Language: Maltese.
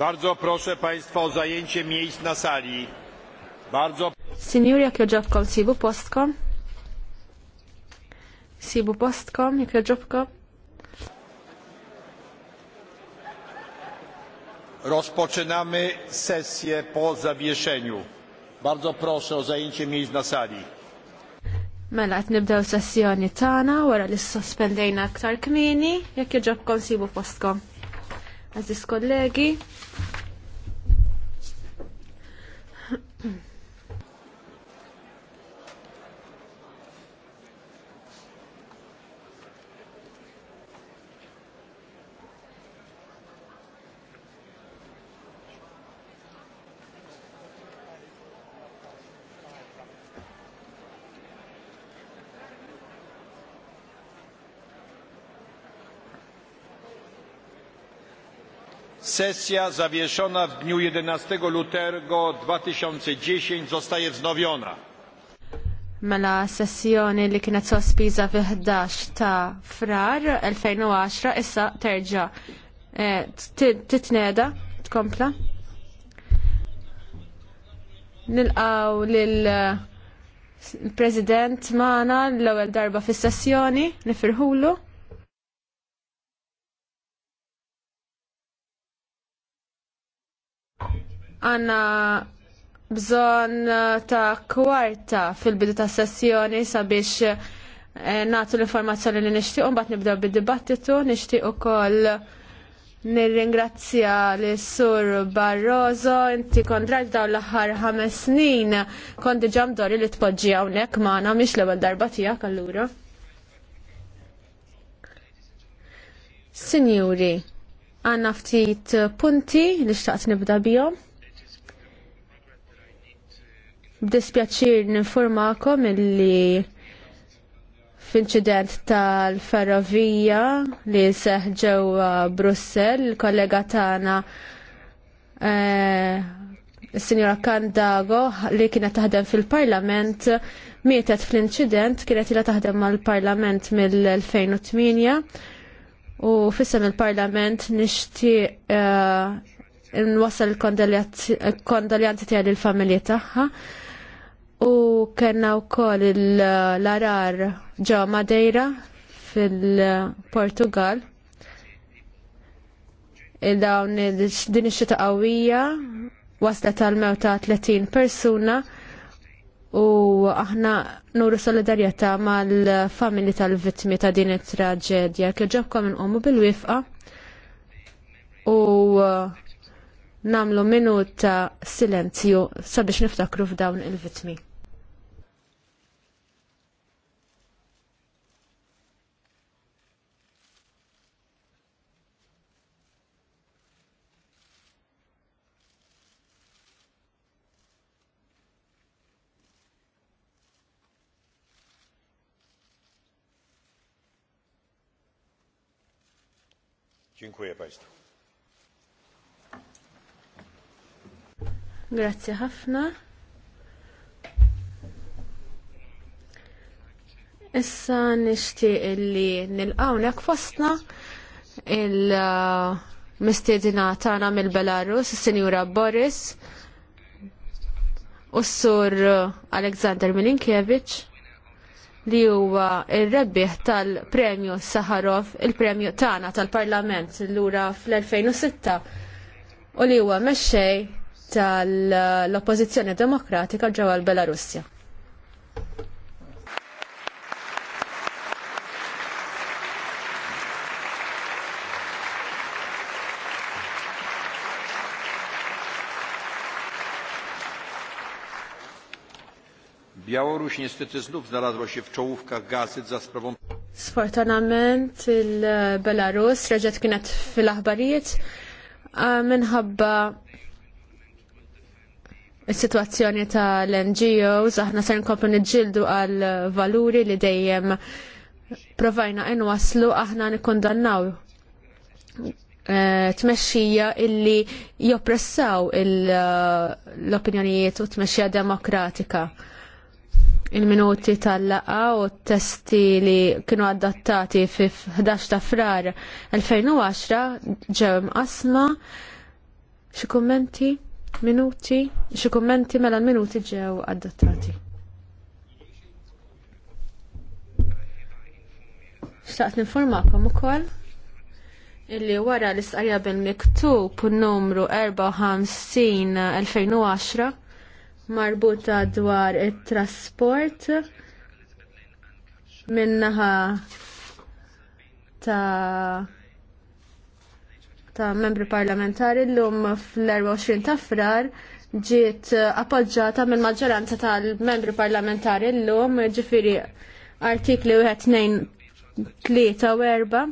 Bardzo proszę Państwa o zajęcie miejsc na sali. Bardzo... Sinjur, jak joġobkom, sibu postko. Sibu postko, jak joġobkom. Rozpoczynamy sesję po zawieszeniu. Bardzo proszę o zajęcie miejsc na sali. Mela qed nibdew sessjoni tagħna wara li sospendejna ktar kmini, jak jiġobkom sibu postko. Aziz kollegi, Sesja zawieszona w dniu 11 lutego 2010 zostaje wznowiona. Mela sessjoni li kienet sospiża fi 11 ta' frar 2010 issa terġa' e, titneda tkompla. Nilqaw lil eh, President Mana l-ewwel darba fis-sessjoni nifirħulu. għanna bżon eh, ta' kwarta fil-bidu ta' sessjoni sabiex eh, natu l-informazzjoni li nishtiq un bat nibdew bid-dibattitu nishtiq u koll nir-ringrazzja l-sur Barroso inti kondraġ daw l-ħar ħames snin kon diġam mdorri li tpoġġi hawnhekk magħna mhix l-ewwel darba tiegħek allura. Sinjuri, għanna ftit punti li xtaqt nibda bihom. Dispjaċir ninformakom illi f'inċident tal-ferrovija li seħ ġewwa Brussell, il-kollega tagħna s eh, sinjora Kandago li kienet taħdem fil-Parlament mietet fl-inċident kienet ila taħdem mal-Parlament mill-2008 u fissem il-Parlament nixtieq e, eh, nwassal il-kondoljanti tiegħi lill-familji tagħha. U kena u koll l-arar ġo Madeira fil-Portugal. Il-dawn din ix-xita qawwija wasla tal-mew ta' 30 persuna u aħna nuru solidarjetà mal-familji tal-vittmi ta' din it-traġedja. Kieġobkom inqomu bil-wifqa u uh, namlu minuta silenzju sabiex niftakru f'dawn il-vittmi. Dziękuję Państwu. Grazie ħafna. Issa nixtieq li nilqawnek fostna il-mistiedina Tana mill-Belarus, il-Senjura Boris u s-sur Aleksandr Milinkiewicz li huwa ir-rebbieħ tal-Premju Saharov, il-Premju tagħna tal-Parlament lura fl-2006 u li huwa mexxej tal-Oppożizzjoni Demokratika ġewwa l-Belarusja. Białoruś niestety znów znalazła się w czołówkach gazet za sprawą. Sfortunament il-Belarus e, reġet kienet fil-aħbarijiet minħabba il-situazzjoni tal-NGOs, aħna ser nkomplu nġildu għal valuri li dejjem provajna inwaslu aħna t e, tmexxija illi joppressaw e, l-opinjonijiet u tmexxija demokratika il-minuti tal-laqa u t testi li kienu adattati fi 11 ta' frar 2010 ġew asma xi kummenti minuti xi kummenti mela l-minuti ġew adattati. Xtaqt ninformakom ukoll illi wara l-istqarja bil-miktub numru 54 2010 marbuta dwar it-trasport minnaħa ta' ta' membri parlamentari l-lum fl-24 ta' frar ġiet appoġġata mill maġġoranza tal-membri parlamentari l-lum ġifiri artikli 1, 2, 3 u 4